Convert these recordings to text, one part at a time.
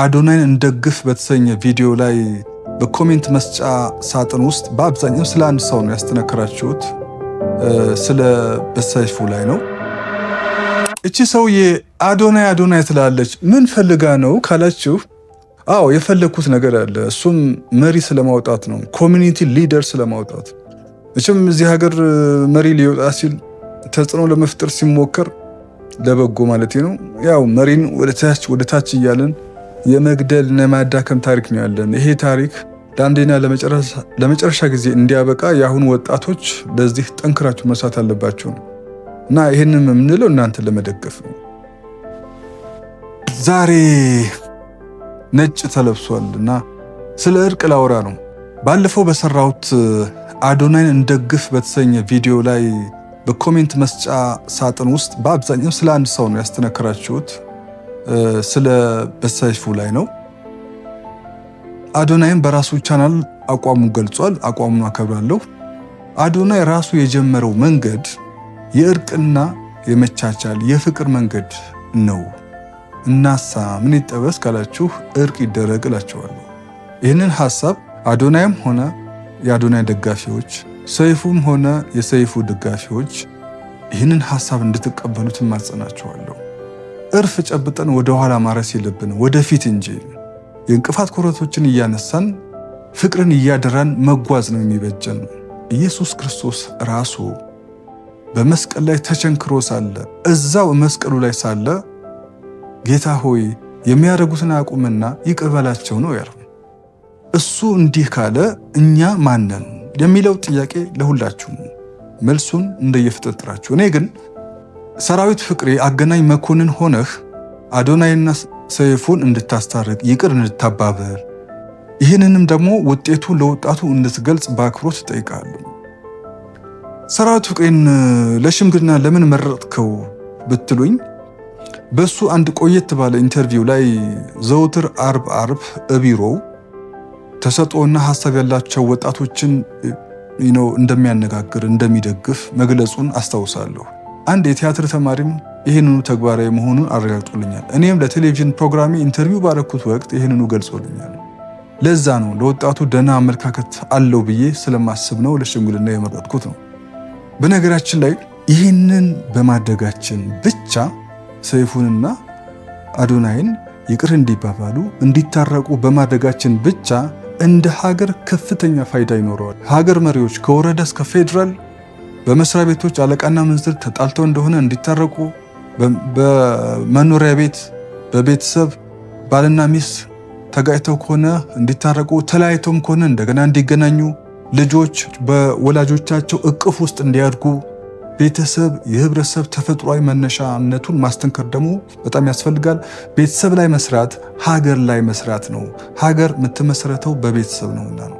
አዶናይን እንደግፍ በተሰኘ ቪዲዮ ላይ በኮሜንት መስጫ ሳጥን ውስጥ በአብዛኛው ስለ አንድ ሰው ነው ያስተነከራችሁት። ስለ በሰይፉ ላይ ነው። እቺ ሰውዬ አዶናይ አዶናይ ትላለች። ምን ፈልጋ ነው ካላችሁ፣ አዎ የፈለግኩት ነገር አለ። እሱም መሪ ስለማውጣት ነው፣ ኮሚኒቲ ሊደር ስለማውጣት። እችም እዚህ ሀገር መሪ ሊወጣ ሲል ተጽዕኖ ለመፍጠር ሲሞከር ለበጎ ማለት ነው። ያው መሪን ወደታች ወደታች እያለን የመግደልና የማዳከም ታሪክ ነው ያለን። ይሄ ታሪክ ለአንዴና ለመጨረሻ ጊዜ እንዲያበቃ የአሁኑ ወጣቶች በዚህ ጠንክራችሁ መስራት አለባቸው ነው እና ይህንም የምንለው እናንተ ለመደገፍ ነው። ዛሬ ነጭ ተለብሷል እና ስለ እርቅ ላውራ ነው። ባለፈው በሰራሁት አዶናይን እንደግፍ በተሰኘ ቪዲዮ ላይ በኮሜንት መስጫ ሳጥን ውስጥ በአብዛኛው ስለ አንድ ሰው ነው ያስተነከራችሁት። ስለ በሰይፉ ላይ ነው። አዶናይም በራሱ ቻናል አቋሙ ገልጿል። አቋሙን አከብራለሁ። አዶናይ ራሱ የጀመረው መንገድ የእርቅና የመቻቻል የፍቅር መንገድ ነው። እናሳ ምን ይጠበስ ካላችሁ እርቅ ይደረግ እላቸዋለሁ። ይህንን ሐሳብ አዶናይም ሆነ የአዶናይ ደጋፊዎች ሰይፉም ሆነ የሰይፉ ደጋፊዎች ይህንን ሐሳብ እንድትቀበሉት ማጸናቸዋለሁ። እርፍ ጨብጠን ወደ ኋላ ማረስ የለብን ወደፊት እንጂ የእንቅፋት ኮረቶችን እያነሳን ፍቅርን እያደራን መጓዝ ነው የሚበጀን። ኢየሱስ ክርስቶስ ራሱ በመስቀል ላይ ተቸንክሮ ሳለ እዛው መስቀሉ ላይ ሳለ ጌታ ሆይ የሚያደርጉትን አቁምና ይቅበላቸው ነው ያለው። እሱ እንዲህ ካለ እኛ ማነን የሚለው ጥያቄ ለሁላችሁም መልሱን እንደየፍጥጥራችሁ። እኔ ግን ሰራዊት ፍቅሬ አገናኝ መኮንን ሆነህ አዶናይና ሰይፉን እንድታስታርቅ ይቅር እንድታባበር ይህንንም ደግሞ ውጤቱ ለወጣቱ እንድትገልጽ በአክብሮት እጠይቃለሁ። ሰራዊት ፍቅሬን ለሽምግልና ለምን መረጥከው ብትሉኝ በሱ አንድ ቆየት ባለ ኢንተርቪው ላይ ዘውትር አርብ አርብ እቢሮው ተሰጥኦና ሀሳብ ያላቸው ወጣቶችን እንደሚያነጋግር እንደሚደግፍ መግለጹን አስታውሳለሁ። አንድ የቲያትር ተማሪም ይህንኑ ተግባራዊ መሆኑን አረጋግጦልኛል። እኔም ለቴሌቪዥን ፕሮግራሜ ኢንተርቪው ባረኩት ወቅት ይህንኑ ገልጾልኛል። ለዛ ነው ለወጣቱ ደህና አመለካከት አለው ብዬ ስለማስብ ነው ለሽምግልና የመረጥኩት ነው። በነገራችን ላይ ይህንን በማድረጋችን ብቻ ሰይፉንና አዶናይን ይቅር እንዲባባሉ እንዲታረቁ በማድረጋችን ብቻ እንደ ሀገር ከፍተኛ ፋይዳ ይኖረዋል። ሀገር መሪዎች ከወረዳ እስከ ፌዴራል በመስሪያ ቤቶች አለቃና ምንዝር ተጣልተው እንደሆነ እንዲታረቁ፣ በመኖሪያ ቤት በቤተሰብ ባልና ሚስት ተጋጭተው ከሆነ እንዲታረቁ፣ ተለያይተውም ከሆነ እንደገና እንዲገናኙ፣ ልጆች በወላጆቻቸው እቅፍ ውስጥ እንዲያድጉ ቤተሰብ የህብረተሰብ ተፈጥሯዊ መነሻነቱን ማስተንከር ደግሞ በጣም ያስፈልጋል። ቤተሰብ ላይ መስራት ሀገር ላይ መስራት ነው። ሀገር የምትመሰረተው በቤተሰብ ነውና ነው።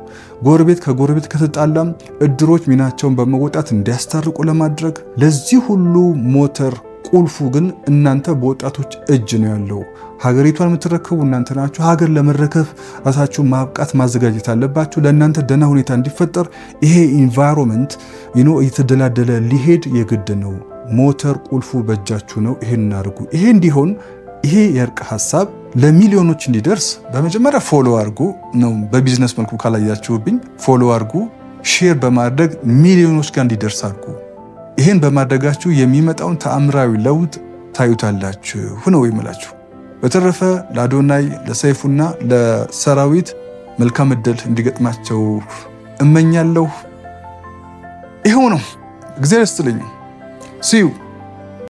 ጎረቤት ከጎረቤት ከተጣላም እድሮች ሚናቸውን በመወጣት እንዲያስታርቁ ለማድረግ ለዚህ ሁሉ ሞተር ቁልፉ ግን እናንተ በወጣቶች እጅ ነው ያለው። ሀገሪቷን የምትረከቡ እናንተ ናችሁ። ሀገር ለመረከብ ራሳችሁ ማብቃት ማዘጋጀት አለባችሁ። ለእናንተ ደህና ሁኔታ እንዲፈጠር ይሄ ኢንቫይሮንመንት ይኖ እየተደላደለ ሊሄድ የግድ ነው። ሞተር ቁልፉ በእጃችሁ ነው። ይሄን እናድርጉ። ይሄ እንዲሆን ይሄ የእርቅ ሀሳብ ለሚሊዮኖች እንዲደርስ በመጀመሪያ ፎሎ አድርጉ ነው። በቢዝነስ መልኩ ካላያችሁብኝ ፎሎ አድርጉ፣ ሼር በማድረግ ሚሊዮኖች ጋር እንዲደርስ አድርጉ። ይህን በማድረጋችሁ የሚመጣውን ተአምራዊ ለውጥ ታዩታላችሁ ነው የምላችሁ። በተረፈ ለአዶናይ ለሰይፉና ለሰራዊት መልካም እድል እንዲገጥማቸው እመኛለሁ። ይኸው ነው። እግዚአብሔር ይስጥልኝ ሲዩ